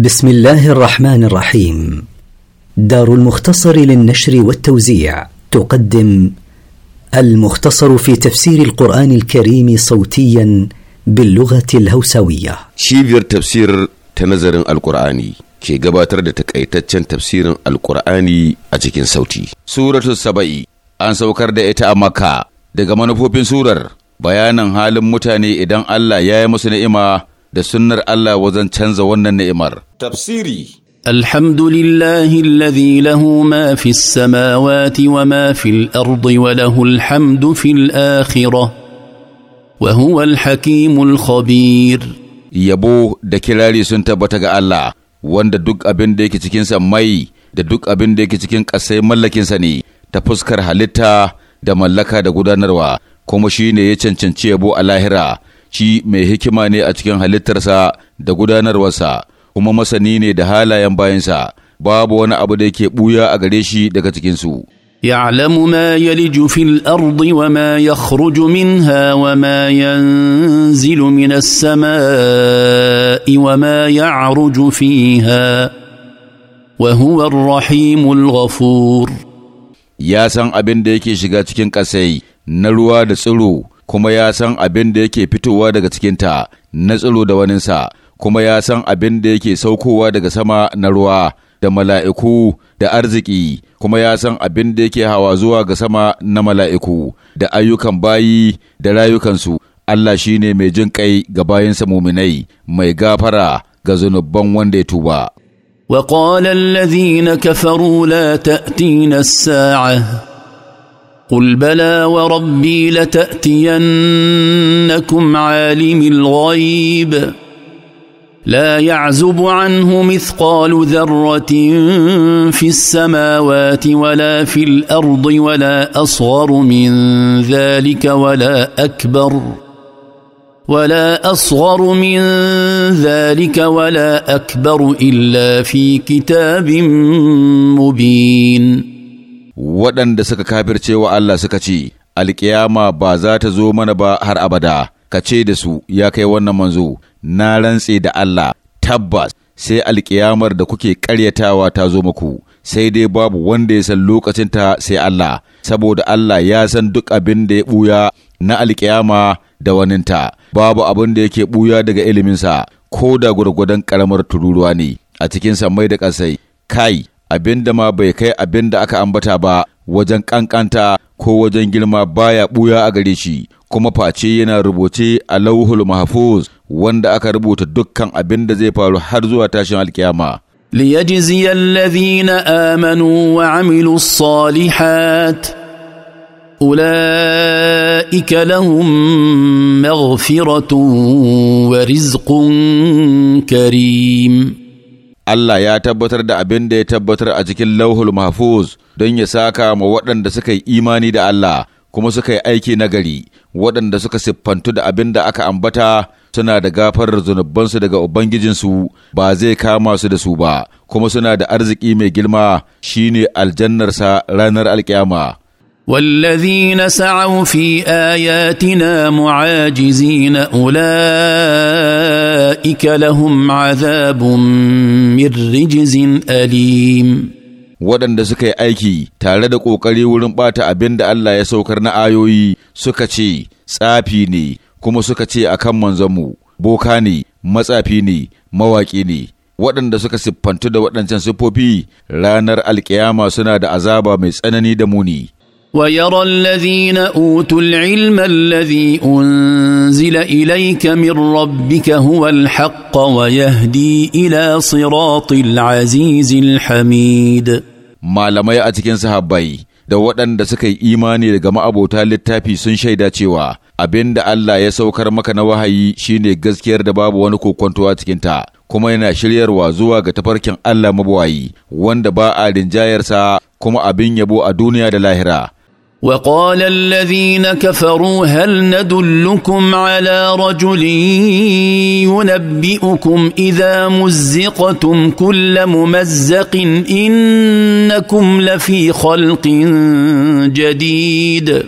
بسم الله الرحمن الرحيم دار المختصر للنشر والتوزيع تقدم المختصر في تفسير القرآن الكريم صوتيا باللغة الهوسوية شيفير تفسير تنظر القرآن كي قباتر تفسير القرآن أجيكين صوتي سورة السبعي أنسى وكرد إتا أمكا دقا منفوب سورة بيانا حال متاني إدان الله يا مسنئما da sunnar Allah wajen canza wannan ni'imar. Tafsiri الحمد لله الذي له ما في السماوات وما في الارض وله الحمد في الاخره وهو الحكيم الخبير yabo da kirari sun tabbata ga Allah wanda duk abin da yake cikin mai da duk abin da yake cikin ƙasai mallakinsa ne ta fuskar halitta da mallaka da gudanarwa kuma shi ne ya cancanci yabo a lahira shi mai hikima ne a cikin halittarsa da gudanarwarsa kuma masani ne da halayen bayansa babu wani abu da yake buya a gare shi daga cikinsu يعلم ما يلج في الارض وما يخرج منها وما ينزل من السماء وما يعرج فيها وهو الرحيم الغفور ya san abin da yake shiga cikin ƙasai na ruwa da tsiro kuma ya san abin da yake fitowa daga cikinta na tsiro da waninsa, kuma ya san abin da yake saukowa daga sama na ruwa da mala'iku da arziki, kuma ya san abin da yake hawa zuwa ga sama na mala'iku da ayyukan bayi da rayukansu. Allah shi ne mai jin kai ga bayansa muminai, mai gafara ga zunubban wanda ya tuba. وقال الذين كفروا لا تأتين الساعة قل بلى وربي لتاتينكم عالم الغيب لا يعزب عنه مثقال ذره في السماوات ولا في الارض ولا اصغر من ذلك ولا اكبر ولا اصغر من ذلك ولا اكبر الا في كتاب مبين waɗanda suka kafirce wa Allah suka ce, Alƙiyama ba za ta zo mana ba har abada, ka ce da su ya kai wannan manzo, na rantse da Allah, tabbas sai alƙiyamar da kuke karyatawa ta zo maku, sai dai babu wanda ya san lokacinta sai Allah, saboda Allah ya san duk abin da ya ɓuya na alƙiyama da waninta, babu abin da yake ɓuya daga iliminsa, ko da gwargwadon ƙaramar tururuwa ne a cikin sammai da ƙasai, kai. abin da ma bai kai abin da aka ambata ba wajen ƙanƙanta ko wajen girma baya ɓuya a gare shi kuma face yana rubuce a lauhul mahfuz wanda aka rubuta dukkan abin da zai faru har zuwa tashin alkiyama ليجزي الذين امنوا وعملوا الصالحات اولئك لهم wa ورزق Karim. Allah ya tabbatar da abin da ya tabbatar a cikin lauhul mahfuz don ya saka ma waɗanda suka yi imani da Allah kuma suka yi aiki nagari waɗanda suka siffantu da abin da aka ambata suna da gafarar zunubansu daga Ubangijinsu ba zai kama su da su ba kuma suna da arziki mai girma shine aljannarsa ranar alkiyama. والذين سعوا في اياتنا معاجزين اولئك لهم عذاب من رجز اليم waɗanda suka yi aiki tare da ƙoƙari wurin ɓata abin da Allah ya saukar na ayoyi suka ce tsafi ne kuma suka ce a kan manzanmu boka ne matsafi ne mawaƙi ne waɗanda suka siffantu da waɗancan siffofi ranar alƙiyama suna da azaba mai tsanani da muni ويرى الذين اوتوا العلم الذي انزل اليك من ربك هو الحق ويهدي الى صراط العزيز الحميد malamai a cikin sahaba'i da waɗanda suka yi imani daga ma'abota littafi sun shaida cewa abin da Allah ya saukar maka na wahayi shine gaskiyar da babu wani kokonto a cikinta kuma yana shiryarwa zuwa ga tafarkin Allah mabawayi wanda ba a rinjayarsa kuma abin yabo a duniya da lahira وقال الذين كفروا هل ندلكم على رجل ينبئكم اذا مزقتم كل ممزق انكم لفي خلق جديد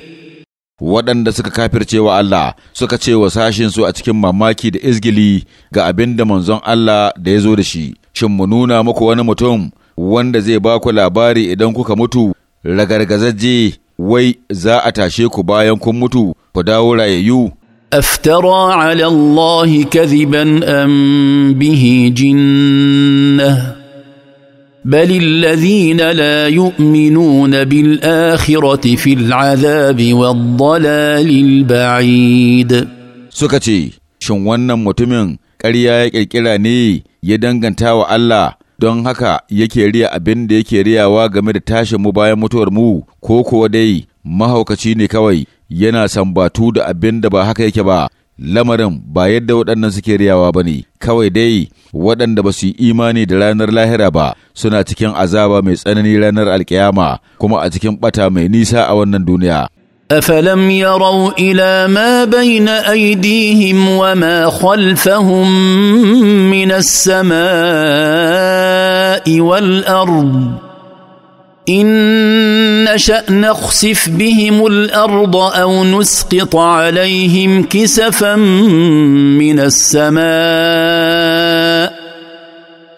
waɗanda suka kafirce wa Allah suka ce wa sashinsu a cikin mamaki da izgili ga abin da manzon Allah da ya zo da shi, shin mu nuna muku wani mutum wanda zai ba ku labari idan kuka mutu ragargazajje wai za a tashe ku bayan kun mutu ku dawo rayayyu. Aftaro, alallahi kaziban an bihi jinna, balillazi na la yi minu na bil akhirati fil azabi wa dalalil ba'id. Suka ce, shin wannan mutumin karya ya kirkira ne ya danganta wa Allah don haka yake riya abin da yake riyawa game da tashin mu bayan mutuwar mu ko kuwa dai mahaukaci ne kawai yana sambatu da abin da ba haka yake ba lamarin ba yadda waɗannan suke riyawa ba ne kawai dai waɗanda ba su yi imani da ranar lahira ba suna cikin azaba mai tsanani ranar alkiyama kuma a cikin ɓata mai nisa a wannan duniya افلم يروا الى ما بين ايديهم وما خلفهم من السماء والارض ان نشا نخسف بهم الارض او نسقط عليهم كسفا من السماء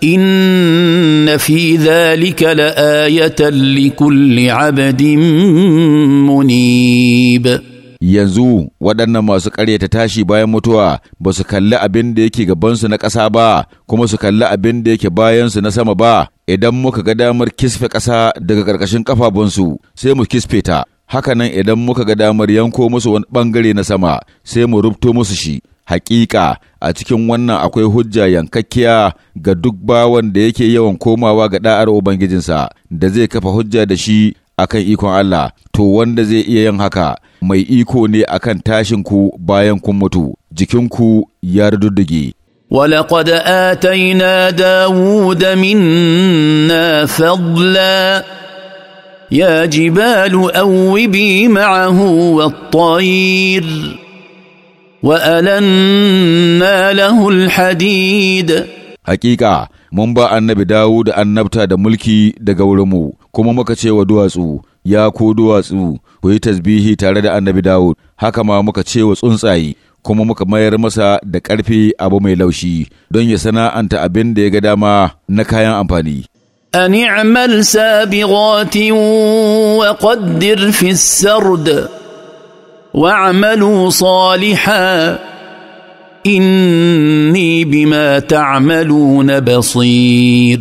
ان في ذلك لايه لكل عبد منيب yanzu waɗannan masu ƙaryata tashi bayan mutuwa ba su kalli abin da yake gabansu na ƙasa ba kuma su kalli abin da yake bayansu na sama ba idan muka ga damar kisfe ƙasa daga ƙarƙashin ƙafafunsu sai mu kisfe ta hakanan idan muka ga damar yanko musu wani ɓangare na sama sai mu rubto musu shi hakika a cikin wannan akwai hujja yankakkiya ga duk bawan da yake yawan komawa ga da'ar Ubangijinsa da zai kafa hujja da shi akan ikon Allah, to wanda zai iya yin haka mai iko ne akan tashinku bayan kun mutu, jikinku ya rududdige. ولقد آتينا داود منا فضلا يا جبال أوبي معه والطير وألنا له Haƙiƙa, mun ba annabi dawo da annabta da mulki daga wurinmu kuma muka ce wa duwatsu ya ko duwatsu ku yi tasbihi tare da annabi dawo haka ma muka ce wa tsuntsaye kuma muka mayar masa da ƙarfe abu mai laushi don ya sana'anta abin ya ga dama na kayan amfani أن اعمل سابغات وقدر في السرد واعملوا صالحا inni bima ta'maluna basir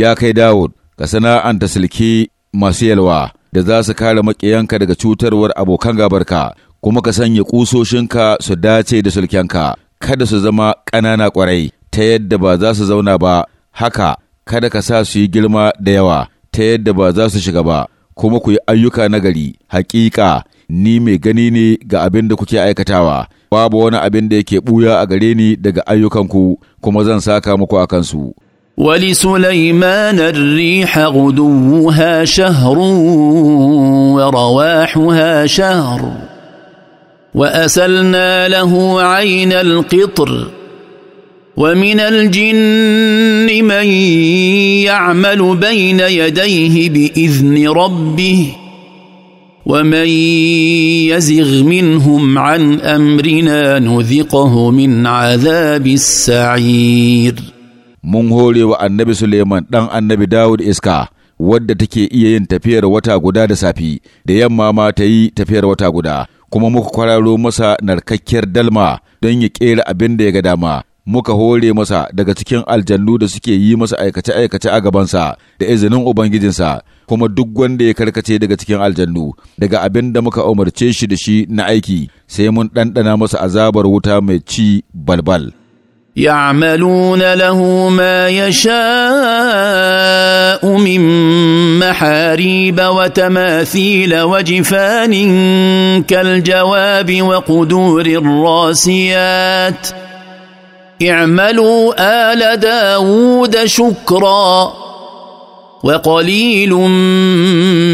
ya kai Dawud ka sana'anta silki masu yalwa da za su kare maƙiyanka daga cutarwar abokan gabarka kuma ka sanya ƙusoshinka su dace da sulkenka kada su zama ƙanana ƙwarai ta yadda ba za su zauna ba haka kada ka sa su yi girma da yawa ta yadda ba za su shiga ba kuma ku yi ayyuka nagari haƙiƙa. ni mai gani ne ga abin da kuke aikatawa, babu wani abin da yake ɓuya a gare ni daga ayyukanku, kuma zan saka muku a kansu. ولسليمان الريح غدوها شهر ورواحها شهر واسلنا له عين القطر ومن الجن من يعمل بين يديه باذن ربه ومن يزغ منهم عن امرنا نذقه من عذاب السعير mun hore wa annabi Suleiman ɗan annabi Dawud iska wadda take iya yin tafiyar wata guda da safi da yamma ma ta yi tafiyar wata guda kuma muka kwararo masa narkakkiyar dalma don ya ƙera abin da ya ga dama muka hore masa daga cikin aljannu da suke yi masa aikace-aikace a gabansa da izinin Ubangijinsa, kuma duk wanda ya karkace daga cikin aljannu, daga abin da muka umarce shi da shi na aiki, sai mun ɗanɗana masa azabar wuta mai ci balbal. يعملون له ما يشاء من محاريب وتماثيل وجفان كالجواب وقدور الراسيات ۖ اعملوا آل داود شكرا وقليل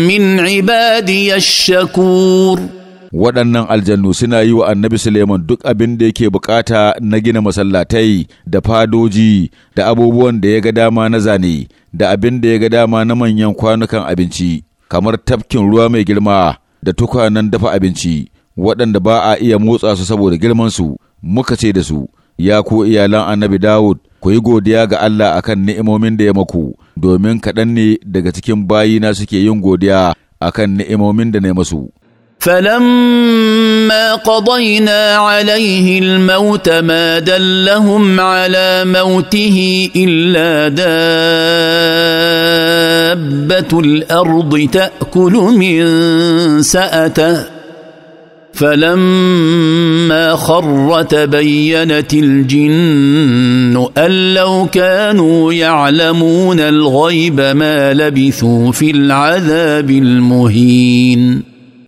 من عبادي الشكور waɗannan aljannu suna yi wa annabi Suleiman duk abin da yake bukata na gina masallatai da fadoji da abubuwan da ya ga dama na zane da abin da ya ga dama na manyan kwanukan abinci kamar tafkin ruwa mai girma da tukwanen dafa abinci waɗanda ba a iya motsa su saboda girmansu muka ce da su ya ku iyalan annabi Dawud, ku yi godiya ga Allah akan ni'imomin da ya maku, domin kaɗan ne daga cikin bayina suke yin godiya akan ni'imomin da na masu. فلما قضينا عليه الموت ما دلهم على موته الا دابه الارض تاكل من ساته فلما خر bayyana الجن ان لو كانوا يعلمون الغيب ما لبثوا في العذاب المهين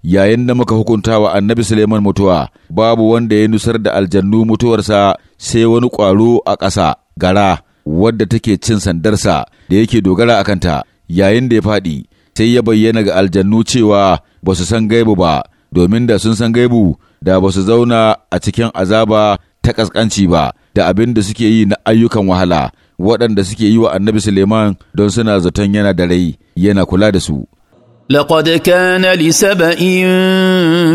yayin da muka hukunta wa annabi Suleiman mutuwa babu wanda ya nusar da aljannu mutuwarsa sai wani ƙwaro a ƙasa gara wadda take cin sandarsa da yake dogara a kanta yayin da ya faɗi sai ya bayyana ga aljannu cewa ba su san gaibu ba domin da sun san gaibu da ba su zauna a cikin azaba ta ƙasƙanci ba da abin da suke yi na ayyukan wahala waɗanda suke yi wa annabi Suleiman don suna zaton yana da rai yana kula da su. لقد كان لسبإ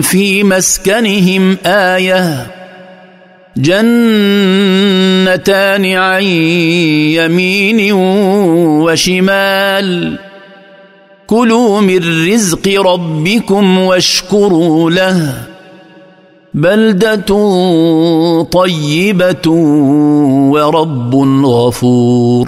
في مسكنهم آية جنتان عن يمين وشمال كلوا من رزق ربكم واشكروا له بلده طيبه ورب غفور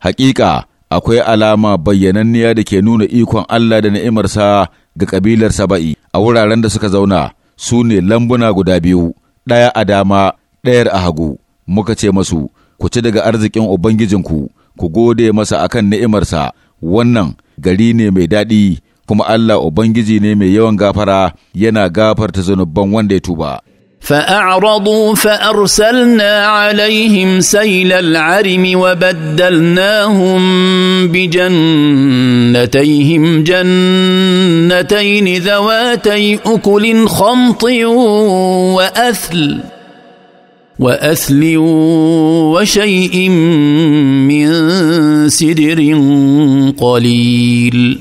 حقيقه akwai alama bayyananniya da ke nuna ikon Allah da ni'imarsa ga kabilar Saba'i a wuraren da suka zauna su ne lambuna guda biyu ɗaya a dama ɗayar a hagu muka ce masu ku ci daga arzikin ubangijinku ku gode masa akan ni'imarsa wannan gari ne mai daɗi kuma Allah Ubangiji ne mai yawan gafara yana gafarta zunuban wanda ya tuba. فأعرضوا فأرسلنا عليهم سيل العرم وبدلناهم بجنتيهم جنتين ذواتي أكل خمط وأثل وأثل وشيء من سدر قليل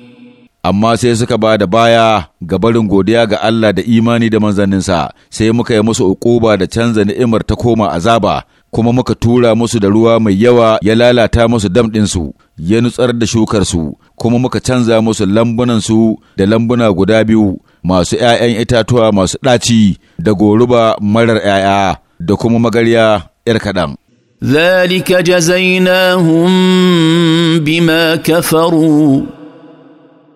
amma sai suka ba da baya ga barin godiya ga Allah da imani da manzanninsa sai muka yi musu uquba da canza ni'imar ta koma azaba kuma muka tura musu da ruwa mai yawa ya lalata musu dam su ya nutsar da shukarsu kuma muka canza musu lambunansu da lambuna guda biyu masu ‘ya'yan itatuwa masu ɗaci da goruba marar ‘ya'ya da kuma magarya ‘yar kaɗan. ذلك جزيناهم بما كفروا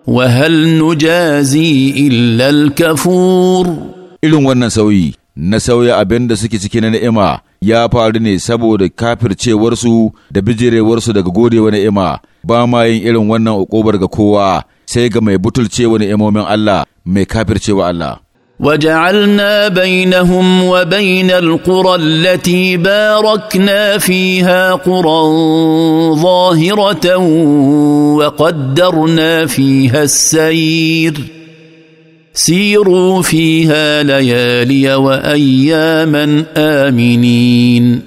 وهل نجازي إلا الكفور إلون wannan sauyi na sauya abin da suke ciki na ni'ima ya faru ne saboda kafircewarsu da bijirewarsu daga godewa ni'ima ba ma yin irin wannan uƙobar ga kowa sai ga mai butulcewa ni'imomin Allah mai kafircewa Allah وجعلنا بينهم وبين القرى التي باركنا فيها قرى ظاهره وقدرنا فيها السير سيروا فيها ليالي واياما امنين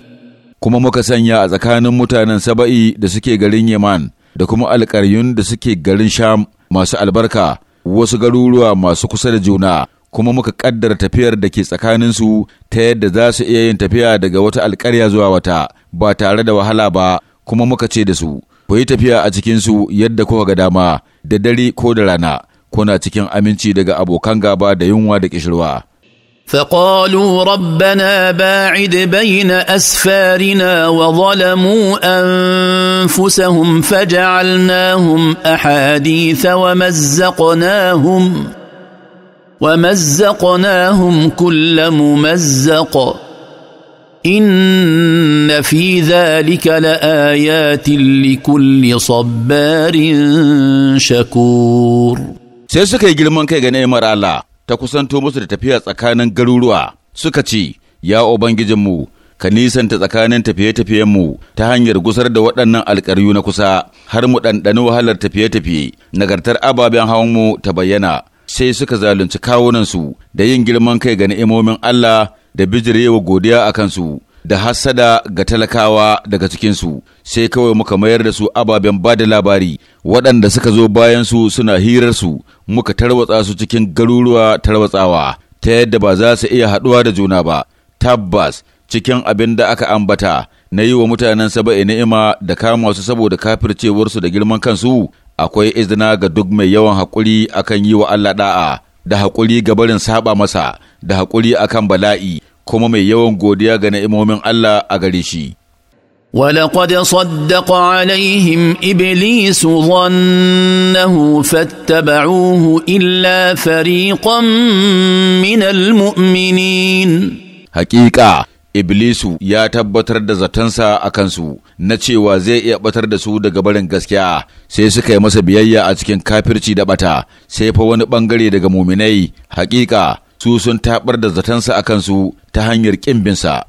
kuma muka sanya a tsakanin mutanen saba'i da suke garin yaman da kuma alƙaryun da suke garin sham masu albarka wasu garuruwa masu kusa da juna kuma muka kaddara tafiyar da ke tsakaninsu ta yadda za su iya yin tafiya daga wata alkarya zuwa wata ba tare da wahala ba kuma muka ce da su ku yi tafiya a cikinsu yadda kuka ga dama da dare ko da rana kuna cikin aminci daga abokan gaba da yunwa da kishirwa. فقالوا ربنا باعد بين أسفارنا وظلموا أنفسهم فجعلناهم أحاديث ومزقناهم ومزقناهم كل ممزق ان في ذلك لايات لكل صبار شكور sai suka yi girman kai ga ni'imar Allah ta kusanto musu da tafiya tsakanin garuruwa suka ce ya ubangijinmu ka nisanta tsakanin tafiye-tafiyenmu ta hanyar gusar da waɗannan alƙaryu na kusa har mu ɗanɗani wahalar tafiye-tafiye nagartar ababen hawanmu ta bayyana sai suka zalunci kawunansu da yin girman kai ga ni'imomin Allah da bijirewa godiya a kansu da hassada ga talakawa daga cikinsu sai kawai muka mayar da su ababen ba da labari waɗanda suka zo bayan su suna hirarsu muka tarwatsa su cikin garuruwa tarwatsawa ta yadda ba za su iya haɗuwa da juna ba tabbas cikin abin da aka ambata na yi wa mutanen saba'i ni'ima da kama su saboda kafircewarsu da girman kansu akwai izina ga duk mai yawan haƙuri akan yi wa Allah ɗa'a, da haƙuri ga barin saba masa da haƙuri akan bala'i kuma mai yawan godiya ga na'imomin Allah a gare shi. ولقد صدق عليهم iblisu ظنه فاتبعوه illa فريقا من المؤمنين Haƙiƙa. Iblisu ya tabbatar da zatansa a kansu na cewa zai iya batar da su daga barin gaskiya sai suka yi masa biyayya a cikin kafirci da bata sai fa wani bangare daga muminai hakika su sun tabar da zatansa a kansu ta hanyar ƙimbinsa.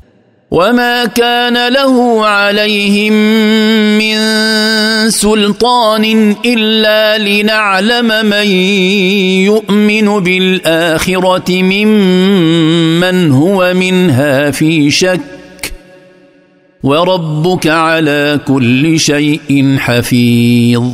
وما كان له عليهم من سلطان الا لنعلم من يؤمن بالاخره ممن هو منها في شك وربك على كل شيء حفيظ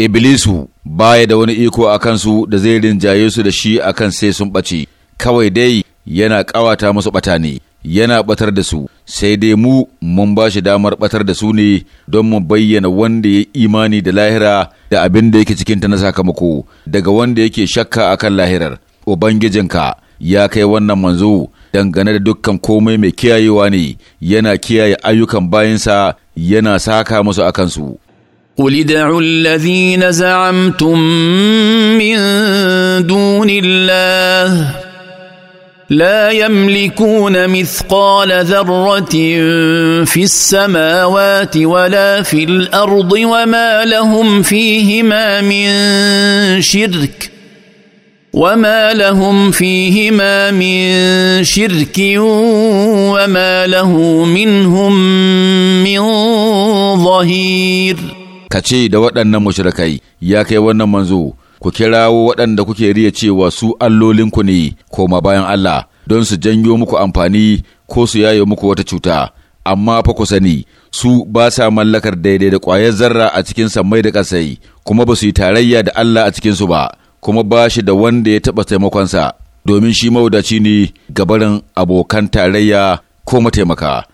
ابليس baya da wani iko a kansu da zai rinjaye su da shi akan sai sun ɓace kawai dai yana ƙawata musu ɓata ne yana batar da su sai dai mu mun ba shi damar batar da su ne don mu bayyana wanda ya imani da lahira da abin da yake cikinta na sakamako daga wanda yake shakka akan lahirar ubangijinka ya kai wannan manzo dangane da dukkan komai mai kiyayewa ne yana kiyaye ayyukan bayansa yana saka musu a kansu. قل ادعوا الذين زعمتم من دون الله لا يملكون مثقال ذره في السماوات ولا في الارض وما لهم فيهما من شرك وما لهم فيهما من شرك وما له منهم من ظهير كتشي دا waɗannan mushrikai ya kai منزو ku kirawo waɗanda kuke riya cewa su allolinku ne koma bayan Allah don su janyo muku amfani ko su yayo muku wata cuta amma fa ku sani su ba sa mallakar daidai da ƙwayar zarra a cikin sammai da ƙasai kuma ba su yi tarayya da Allah a cikinsu ba kuma ba shi da wanda ya taɓa taimakonsa domin shi mawadaci ne gabarin abokan tarayya ko mataimaka.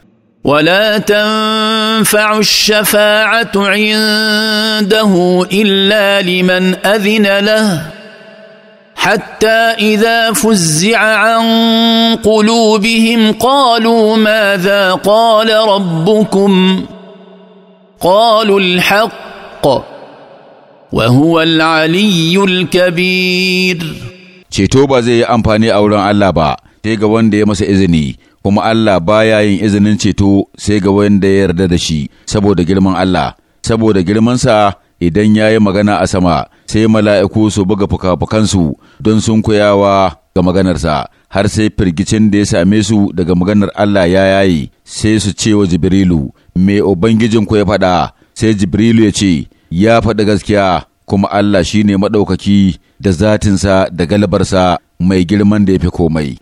ولا تنفع الشفاعه عنده الا لمن اذن له حتى اذا فزع عن قلوبهم قالوا ماذا قال ربكم قالوا الحق وهو العلي الكبير ceto ba zai yi amfani a wurin Allah ba sai ga wanda ya masa izini kuma Allah baya yin izinin ceto sai ga wanda ya yarda da shi saboda girman Allah saboda girmansa idan ya yi magana a sama sai mala'iku su buga fuka-fukansu don sun kuyawa ga maganarsa har sai firgicin da ya same su daga maganar Allah ya yayi sai su ce wa Jibrilu me Ubangijin ku ya faɗa sai Jibrilu ya ce ya faɗi gaskiya kuma Allah shi ne maɗaukaki da zatinsa da galibarsa mai girman da ya fi komai.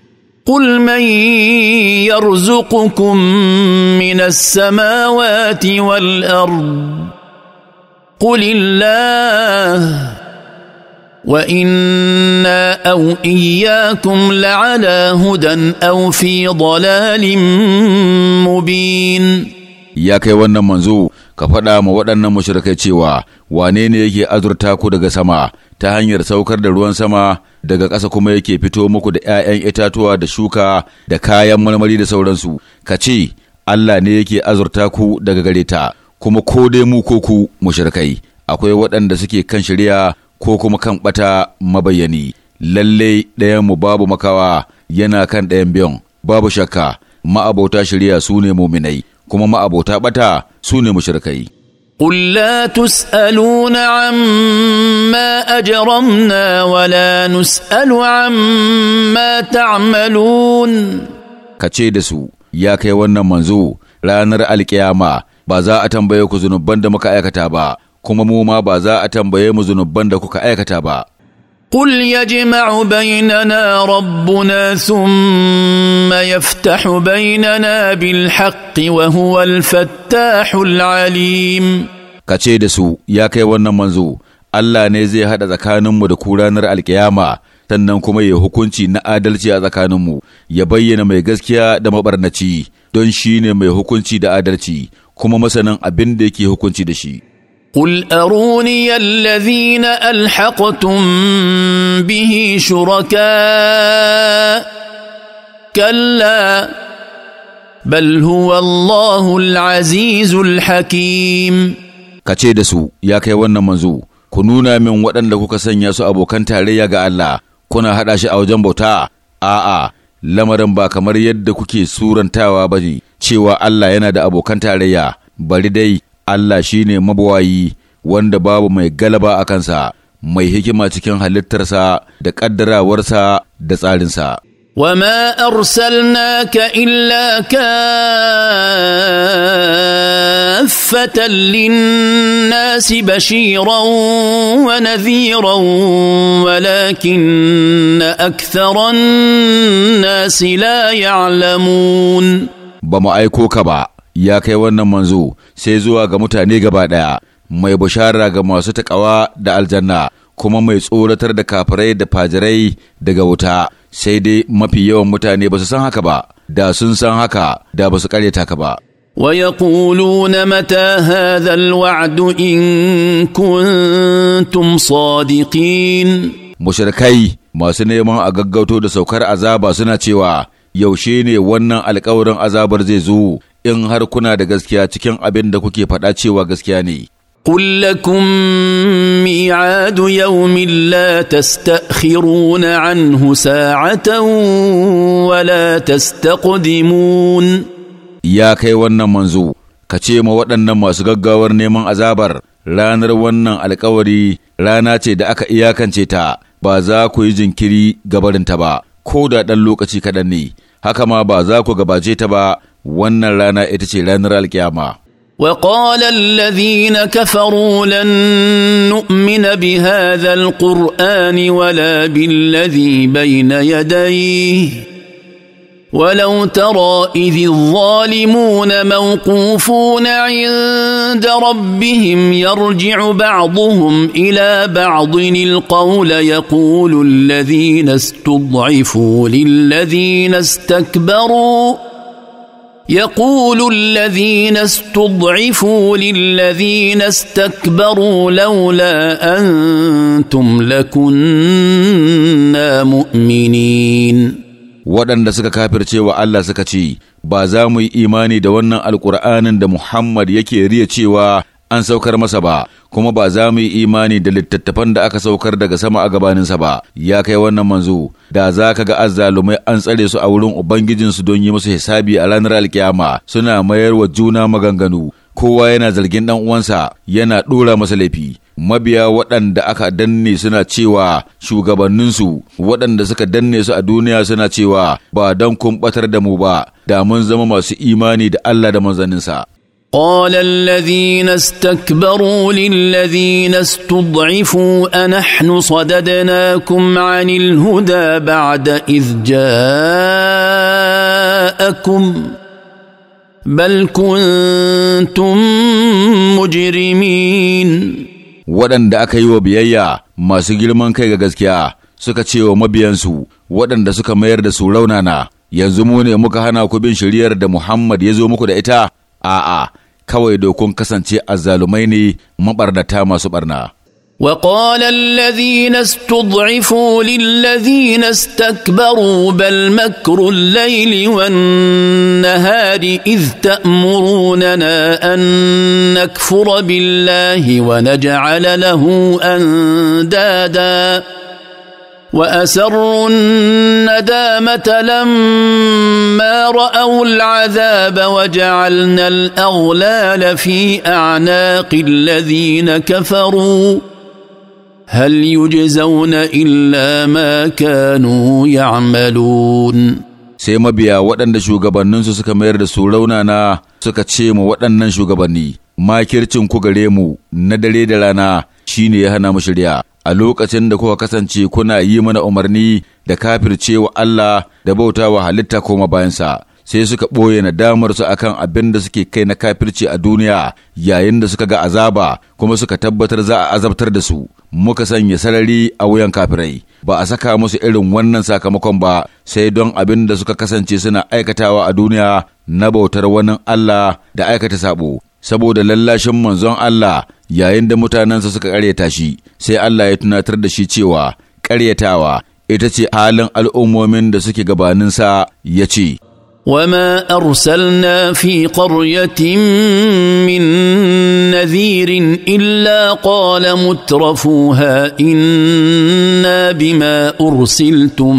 قل من يرزقكم من السماوات والارض قل الله وانا او اياكم لعلى هدى او في ضلال مبين ya kai wannan manzo ka faɗa ma waɗannan mashirkai cewa wane ne yake azurta ku daga sama ta hanyar saukar da ruwan sama daga ƙasa kuma yake fito muku da ’ya'yan itatuwa da shuka da kayan marmari da sauransu, ka ce, Allah ne yake azurta ku daga gare ta, kuma ko dai mu ko ku mushrikai, akwai waɗanda suke kan shirya ko kuma kan ɓata mabayani. Lalle ɗayan mu babu makawa yana kan ɗayan biyan, babu shakka, ma'abota shirya su ne muminai, kuma ma'abota ɓata su ne mushrikai. قل لا تسالون عما اجرمنا ولا نسال عما تعملون kace da su ya kai wannan manzo ranar alƙiyama, ba za a tambaye ku zunubban da muka aikata ba kuma mu ma ba za a tambaye mu zunubban da kuka aikata ba قل يجمع بيننا ربنا ثم يفتح بيننا بالحق وهو الفتاح العليم kace da su ya kai wannan manzo Allah ne zai haɗa tsakaninmu da ku ranar alkiyama sannan kuma ya hukunci na adalci a tsakaninmu ya bayyana mai gaskiya da mabarnaci don shi ne mai hukunci da adalci kuma masanin abin da yake hukunci da shi قل اروني الذين الحقتم به شركاء كلا بل هو الله العزيز الحكيم kace da su ya kai wannan manzo ku nuna min waɗanda kuka sanya su abokan tarayya ga Allah kuna haɗa shi a wajen bauta a'a lamarin ba kamar yadda kuke surantawa bane cewa Allah yana da abokan tarayya bari dai Allah shi ne mabawayi wanda babu mai galaba a kansa, mai hikima cikin halittarsa da ƙaddarawarsa da tsarinsa. وما ارسلناك الا كافه للناس بشيرا ونذيرا ولكن اكثر الناس لا يعلمون بما ka ba. ya kai wannan manzo sai zuwa ga mutane gaba ɗaya mai bushara ga masu taƙawa da aljanna kuma mai tsoratar da kafirai da fajirai daga wuta sai dai mafi yawan mutane ba su san haka ba da sun san haka da ba su karyata ka ba ويقولون متى هذا الوعد إن كنتم صادقين مشركي masu neman a da saukar azaba suna cewa yaushe ne wannan alkawarin azabar zai zo in har kuna da gaskiya cikin abin da kuke faɗa cewa gaskiya ne. قل لكم ميعاد يوم لا anhu sa'atan la ولا تستقدمون Ya kai wannan manzo ka ce ma waɗannan masu gaggawar neman azabar ranar wannan alkawari rana ce da aka iyakance ta ba za ku yi jinkiri gabarinta ba ko da ɗan lokaci kaɗan ne haka ma ba za ku gabace ta ba wannan rana ita ce ranar alkiyama وقال الذين كفروا لن نؤمن بهذا القران ولا بالذي بين يديه ولو ترى اذ الظالمون موقوفون عند ربهم يرجع بعضهم الى بعض القول يقول الذين استضعفوا للذين استكبروا يقول الذين استضعفوا للذين استكبروا لولا انتم لكنا مؤمنين waɗanda suka kafirce wa Allah suka ce, Ba za mu yi imani da wannan alƙur'anin da Muhammad yake riya cewa an saukar masa ba kuma ba za mu yi imani da littattafan da aka saukar daga sama a gabaninsa ba ya kai wannan manzo da za ka ga azzalumai an tsare su a wurin ubangijinsu don yi musu hisabi a ranar alkiyama suna mayar wa juna maganganu kowa yana zargin dan uwansa yana dora masa laifi mabiya waɗanda aka danne suna cewa shugabanninsu waɗanda suka danne su a duniya suna cewa ba don kumɓatar da mu ba da mun zama masu imani da Allah da manzanninsa قال الذين استكبروا للذين استضعفوا انحن صددناكم عن الهدى بعد اذ جاءكم بل كنتم مجرمين waɗanda aka yi wa biyayya masu girman kai ga gaskiya suka ce wa mabiyansu waɗanda suka mayar da su raunana yanzu mu ne muka hana ku bin shiriyar da Muhammad ya zo muku da ita a'a kawai dokun kasance azzalumai ne mabarnata masu barna وقال الذين استضعفوا للذين استكبروا بل مكر الليل والنهار اذ تامروننا ان نكفر بالله ونجعل له اندادا واسروا الندامه لما راوا العذاب وجعلنا الاغلال في اعناق الذين كفروا هل يجزون الا ما كانوا يعملون sai mabiya waɗanda shugabanninsu suka mayar da su raunana suka ce mu waɗannan shugabanni makircin ku gare mu na dare da rana shine ya hana mu shirya a lokacin da kuka kasance kuna yi mana umarni da kafircewa Allah da bauta wa halitta koma bayansa sai suka ɓoye nadamarsu kan abin da suke kai na kafirci a duniya yayin da suka ga azaba kuma suka tabbatar za a azabtar da su muka sanya sarari a wuyan kafirai ba a saka musu irin wannan sakamakon ba sai don abin da suka kasance suna aikatawa a duniya na bautar wani Allah da aikata sabo saboda lallashin manzon Allah yayin da mutanensa suka ƙaryata shi sai Allah ya tunatar da shi cewa ƙaryatawa ita ce halin al'ummomin da suke gabaninsa ya ce وما ارسلنا في قريه من نذير الا قال مترفوها انا بما ارسلتم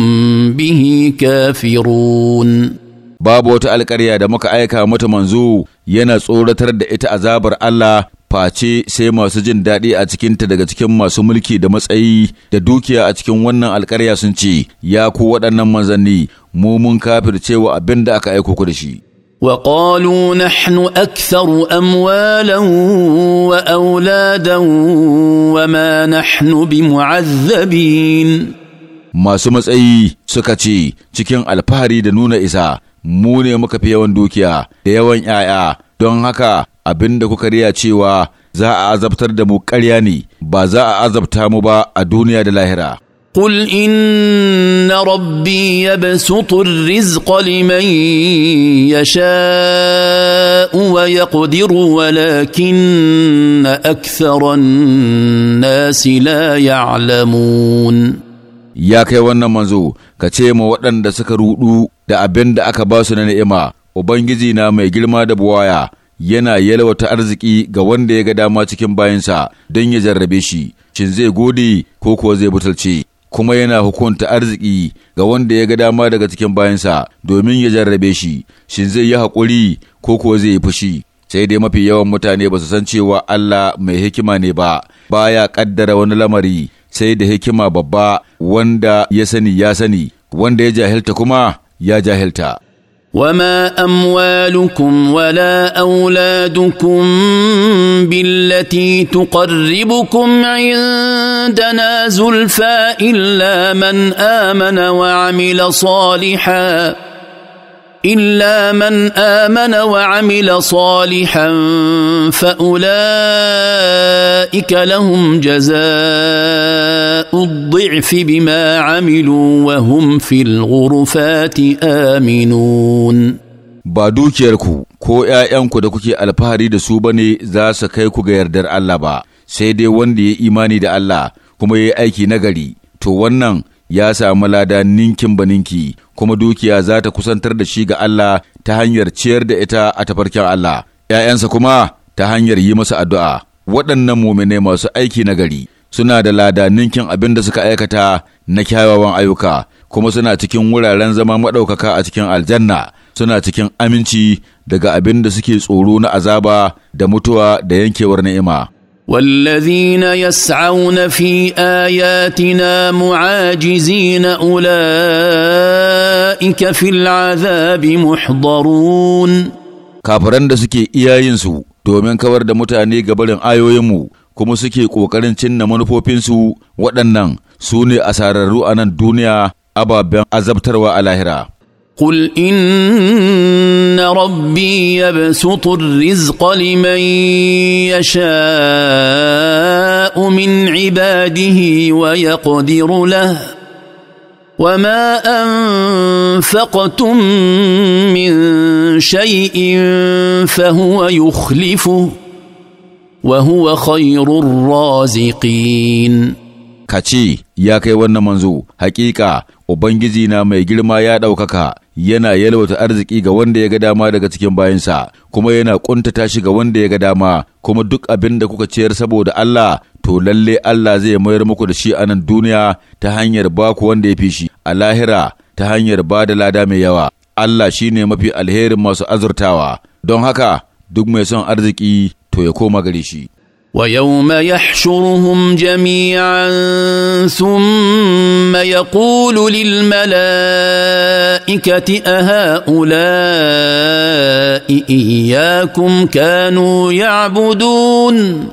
به كافرون babu wata alƙarya da muka aika mata manzo yana tsoratar da ita azabar Allah face sai masu jin daɗi a cikinta daga cikin masu mulki da matsayi da dukiya a cikin wannan alkarya sun ce, Ya ku waɗannan manzanni, mu mun kafirce wa abin da aka aiko ku da shi. وقالوا نحن اكثر اموالا ma وما bi بمعذبين masu matsayi suka ce cikin alfahari da nuna isa mu ne muka fi yawan dukiya da yawan ‘ya'ya don haka abin da kuka riya cewa za a azabtar da mu karya ne ba za a azabta mu ba a duniya da lahira. قل إن ربي يبسط الرزق لمن يشاء ويقدر lakin na الناس nasi يعلمون ya kai wannan manzo ka ce ma waɗanda suka ruɗu da abin da aka ba su na ni'ima ubangiji na mai girma da buwaya yana yalwata arziki ga wanda ya ga dama cikin bayansa don ya jarrabe shi, shin zai gode ko kuwa zai butalce, kuma yana hukunta arziki ga wanda ya ga dama daga cikin bayansa domin ya jarrabe shi, shin zai yi haƙuri ko kuwa zai yi fushi. Sai dai mafi yawan mutane ba su san cewa Allah mai hikima ne ba, baya ƙaddara wani lamari sai da hikima babba wanda ya sani ya sani, wanda ya jahilta kuma ya jahilta. وما اموالكم ولا اولادكم بالتي تقربكم عندنا زلفى الا من امن وعمل صالحا الا من امن وعمل صالحا فاولئك لهم lahum الضعف بما عملوا وهم في الغرفات امنون ba dukiyarku ko ’ya'yanku da kuke alfahari da su ba ne za su kai ku ga yardar Allah ba, sai dai wanda ya imani da Allah kuma ya yi aiki nagari, to wannan ya samu lada ninkin baninki kuma dukiya za ta kusantar da shi ga Allah ta hanyar ciyar da ita a tafarkin Allah ‘ya'yansa kuma ta hanyar yi masa addu'a waɗannan mumine masu aiki na gari suna da lada ninkin abin da suka aikata na kyawawan ayyuka kuma suna cikin wuraren zama maɗaukaka a cikin aljanna suna cikin aminci daga abin da suke tsoro na azaba da mutuwa da yankewar ni'ima. والذين يسعون في اياتنا معاجزين اولئك في العذاب محضرون kafiran da suke iyayensu domin kawar da mutane ga barin ayoyinmu kuma suke ƙoƙarin cinna manufofinsu waɗannan su ne asararru a nan duniya ababen azabtarwa a lahira قل ان ربي يبسط الرزق لمن يشاء من عباده ويقدر له وما انفقتم من شيء فهو يخلفه وهو خير الرازقين كاتشي ce, Ya kai wannan manzo, hakika Ubangiji na mai girma ya ɗaukaka yana yalwata arziki ga wanda ya ga dama daga cikin bayansa kuma yana ƙuntata shi ga wanda ya ga dama kuma duk abin da kuka ciyar saboda Allah to lalle Allah zai mayar muku da shi a nan duniya ta hanyar ba ku wanda ya fi shi a lahira ta hanyar ba da lada mai yawa Allah shi ne mafi alherin masu azurtawa don haka duk mai son arziki to ya koma gare shi ويوم يحشرهم جميعا ثم يقول للملائكه اهؤلاء اياكم كانوا يعبدون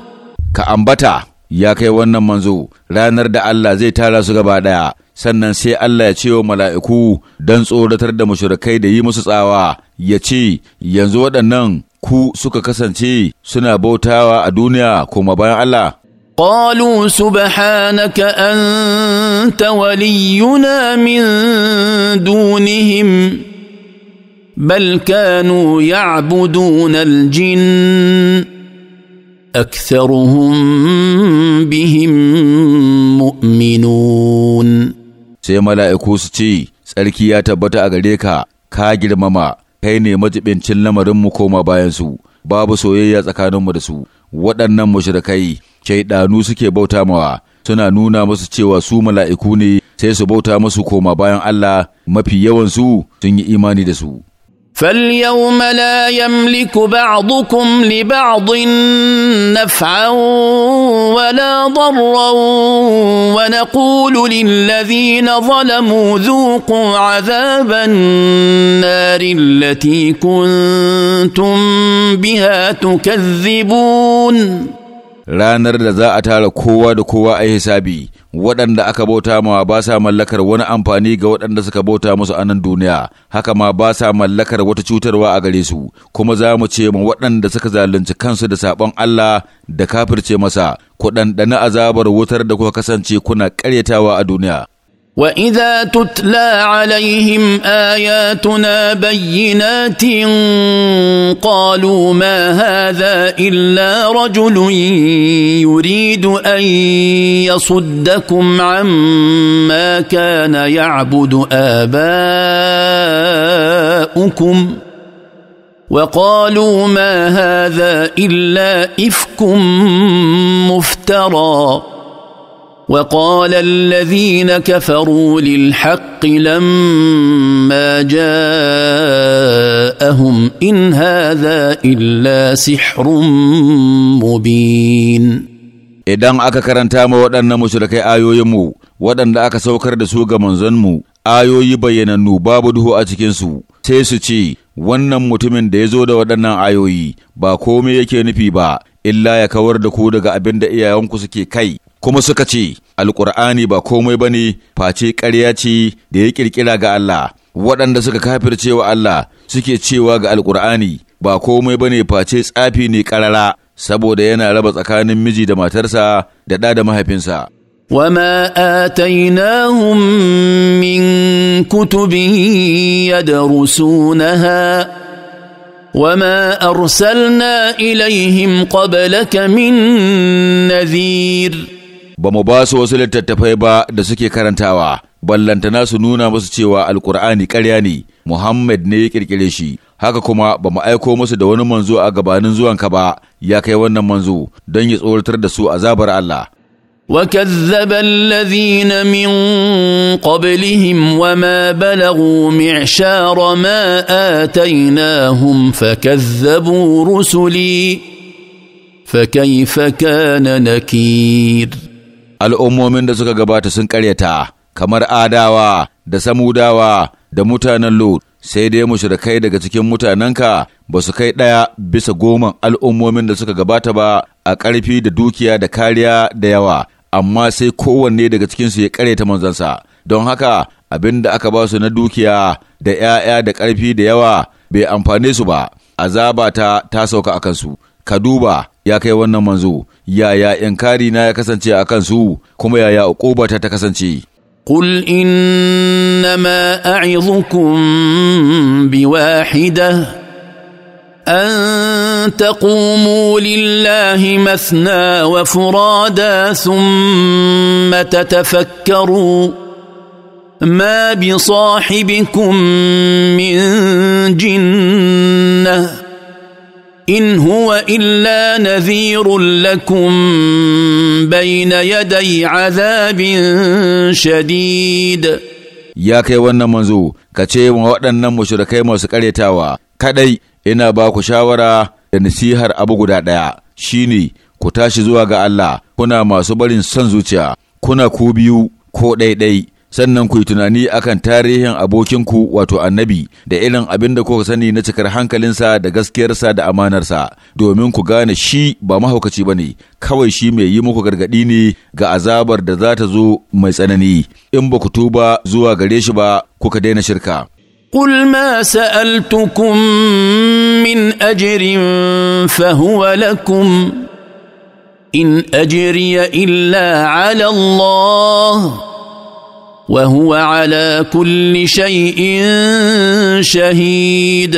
كأنبتا يا kai wannan manzo ranar da Allah zai tara su gaba ɗaya sannan sai Allah ya ce wa mala'iku don tsoratar da mushrikai da yi musu tsawa ya ce yanzu waɗannan ku suka kasance suna bautawa a duniya kuma ban Allah. Ƙalu subhanaka anta waliyuna min dunihim bal kanu ya'buduna al-jin aktharuhum bihim mu'minun sai mala'iku su ce Sarki ya tabbata a gare ka ka girmama kai ne majibincin lamarinmu koma bayan su, babu soyayya tsakaninmu da su, waɗannan mushrikai, shaidanu suke bauta mawa, suna nuna musu cewa su mala'iku ne sai su bauta musu koma bayan Allah mafi yawansu sun yi imani da su. فاليوم لا يملك بعضكم لبعض نفعا ولا ضرا ونقول للذين ظلموا ذوقوا عذاب النار النار التي كنتم بها تكذبون ranar da za a tara kowa da kowa a hisabi waɗanda aka bauta ma ba sa mallakar wani amfani ga waɗanda suka bauta musu a nan duniya haka ma ba sa mallakar wata cutarwa a gare su kuma za mu ce ma waɗanda suka zalunci kansu da saɓon Allah da kafirce masa ku ɗanɗani azabar wutar da kuka kasance kuna ƙaryatawa a duniya واذا تتلى عليهم اياتنا بينات قالوا ما هذا الا رجل يريد ان يصدكم عما كان يعبد اباؤكم وقالوا ما هذا الا افك مفترى وقال الذين كفروا للحق لما جاءهم ان هذا الا سحر مبين idan aka karanta ma waɗannan mushrikai ayoyinmu waɗanda aka saukar da su ga manzonmu ayoyi bayyanannu babu duhu a cikinsu sai su ce wannan mutumin da ya zo da waɗannan ayoyi ba komai yake nufi ba illa ya kawar da ku daga abin da iyayenku suke kai kuma suka ce alkur'ani ba komai ne face ƙarya ce da ya ƙirƙira ga Allah waɗanda suka kafircewa Allah suke cewa ga alkur'ani ba komai bane face tsafi ne ƙarara saboda yana raba tsakanin miji da matarsa da ɗa da mahaifinsa وما اتيناهم من كتب يدرسونها وما ارسلنا ilaihim قبلك من نذير ba mu ba su wasu littattafai ba da suke karantawa ballantana su nuna musu cewa alkur'ani ƙarya ne muhammad ne ya ƙirƙire shi haka kuma ba mu aiko musu da wani manzo a gabanin zuwanka ba ya kai wannan manzo don ya tsoratar da su azabar allah وكذب الذين من قبلهم وما بلغوا معشار ما اتيناهم فكذبوا رسلي فكيف كان نكير al'ummomin da suka gabata sun karyata kamar Adawa da Samudawa da mutanen Lut, sai dai mushrikai daga cikin mutanenka ba su kai ɗaya bisa goman al'ummomin da suka gabata ba a ƙarfi da dukiya da kariya da yawa, amma sai kowanne daga cikinsu ya ƙaryata manzansa. Don haka abin da aka ba su na dukiya da ‘ya'ya da ƙarfi da yawa bai amfane su ba, azaba ta ta sauka a kansu. Ka duba ya kai wannan manzo. yaya in kari ya kasance a kansu kuma yaya ƙobata ta kasance. Qul innama a'idhukum biwahida an taqumu lillahi mathna wa furada thumma tafakkaru, mabi بصاحبكم من جنه ان هو Nazirun نذير لكم بين يدي azabin شديد ya kai wannan manzo ka ce wa waɗannan mushrikai masu ƙaryatawa Kaɗai ina baku shawara da nasihar abu guda ɗaya shine ku tashi zuwa ga Allah kuna masu barin son zuciya kuna ku biyu ko ɗaiɗai sannan ku yi tunani akan tarihin abokinku wato annabi da irin abin da kuka sani na cikar hankalinsa da gaskiyarsa da amanarsa domin ku gane shi ba mahaukaci ba ne kawai shi mai yi muku gargaɗi ne ga azabar da za ta zo mai tsanani in ba ku tuba zuwa gare shi ba kuka daina shirka قل ما سالتكم من fahuwa فهو لكم ان اجري الا على الله وهو على كل شيء شهيد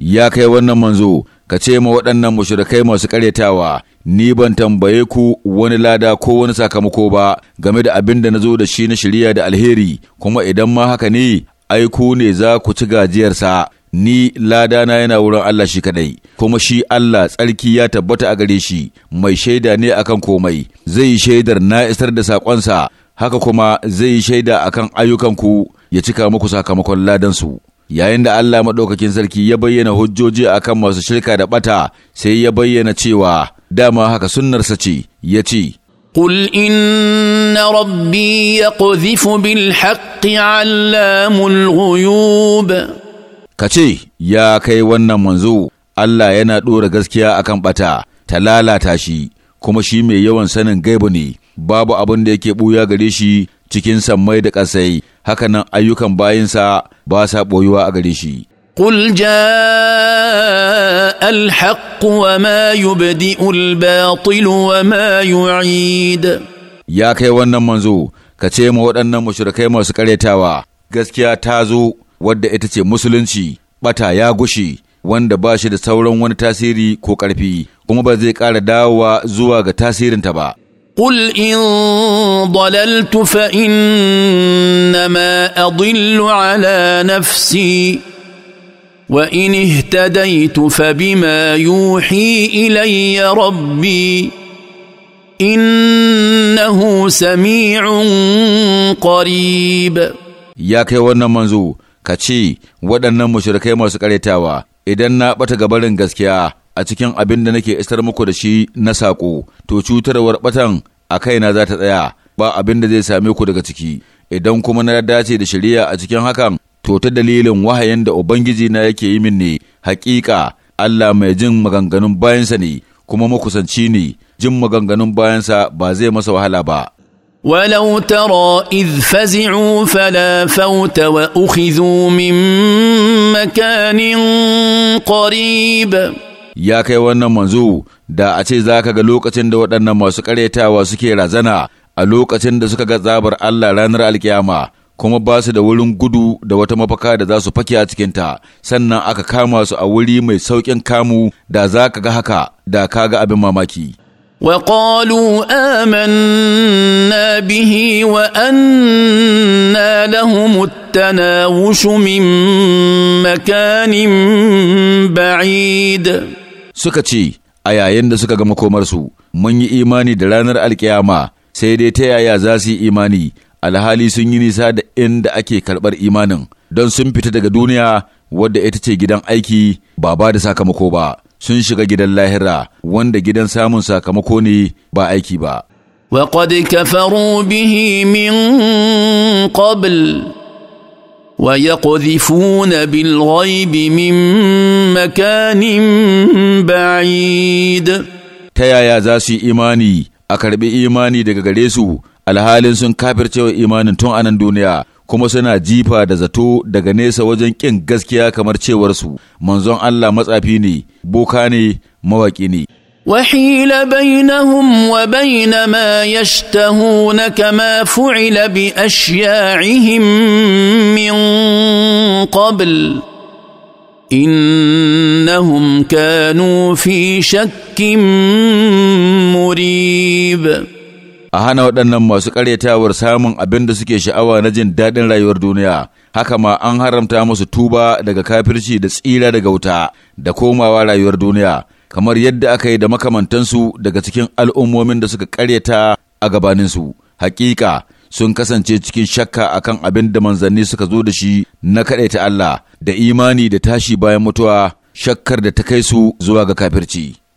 يا كي wannan manzo ka ce ma waɗannan mushrikai masu karyatawa. ni ban tambaye ku wani lada ko wani sakamako ba game da abin da na zo da shi na shirya da alheri kuma idan ma haka ne ai ku ne za ku ci gajiyarsa ni lada na yana wurin Allah shi kadai kuma shi Allah tsarki ya tabbata a gare shi mai shaida ne akan komai zai shaidar na isar da saƙonsa haka kuma zai yi shaida a kan ayyukanku ya cika muku sakamakon ladansu. Yayin da Allah maɗaukakin sarki ya bayyana hujjoji akan masu shirka da ɓata sai ya bayyana cewa dama haka sunnarsa ce ya ce, قل ya ربي يقذف بالحق علام Ka ce! Ya kai wannan manzo Allah yana ɗora gaskiya akan ɓata, ta lalata shi, kuma shi mai yawan sanin gaibu ne. babu abin da yake ɓuya gare shi cikin sammai da ƙasai hakanan ayyukan bayinsa ba sa ɓoyuwa a gare shi قل جاء الحق وما يبدئ الباطل وما يعيد Ya kai wannan manzo ka ce ma waɗannan mushrikai masu karetawa gaskiya ta zo wadda ita ce musulunci ɓata ya gushe wanda ba shi da sauran wani tasiri ko ƙarfi kuma ba zai ƙara dawowa zuwa ga tasirinta ba قل ان ضللت فانما اضل على نفسي وان اهتديت فبما يوحي الي ربي انه سميع قريب يا kai wannan manzo ka ce waɗannan mushrikai masu ƙaretawa idan na ɓata gabarin gaskiya a cikin abin da nake isar muku da shi na saƙo, to cutarwar batan a kaina za ta tsaya, ba abin da zai same ku daga ciki. Idan kuma na dace da shari'a a cikin hakan, to ta dalilin wahayin da Ubangiji na yake yi min ne, hakika Allah mai jin maganganun bayansa ne, kuma makusanci ne, jin maganganun bayansa ba zai masa wahala ba. ولو ترى إذ فزعوا فلا فوت وأخذوا من مكان قريب ya kai wannan manzo da a ce za ka ga lokacin da waɗannan masu ƙaryatawa suke razana a lokacin da suka ga zabar Allah ranar alkiyama kuma ba su da wurin gudu da wata mafaka da za su fake a cikinta sannan aka kama su a wuri mai sauƙin kamu da za ka ga haka da ka ga abin mamaki. وقالوا آمنا به وأنا لهم التناوش من مكان بعيد suka ce a yayin da suka ga makomarsu mun yi imani da ranar alkiyama sai dai ta yaya za su yi imani alhali sun yi nisa da inda ake karɓar imanin don sun fita daga duniya wadda ita ce gidan aiki ba ba da sakamako ba sun shiga gidan lahira wanda gidan samun sakamako ne ba aiki ba وقد كفروا به من قبل ويقذفون بالغيب من مكان بعيد ta yaya za su yi imani a karɓi imani daga gare su alhalin sun kafircewa imanin tun anan duniya kuma suna jifa da zato daga nesa wajen ƙin gaskiya kamar cewar su. manzon Allah matsafi ne boka ne mawaƙi ne وحيل بينهم وبين ما يشتهون كما فعل باشياعهم من قبل انهم كانوا في شك مريب a hana waɗannan masu ƙaryatawar samun abin da suke sha'awa na jin daɗin rayuwar duniya haka ma an haramta musu tuba daga kafirci da tsira daga wuta da komawa rayuwar duniya kamar yadda aka yi da makamantansu daga cikin al'ummomin da suka karyata a gabaninsu hakika sun kasance cikin shakka a kan abin da manzanni suka zo da shi na ta Allah da imani da tashi bayan mutuwa shakkar da ta kai su zuwa ga kafirci.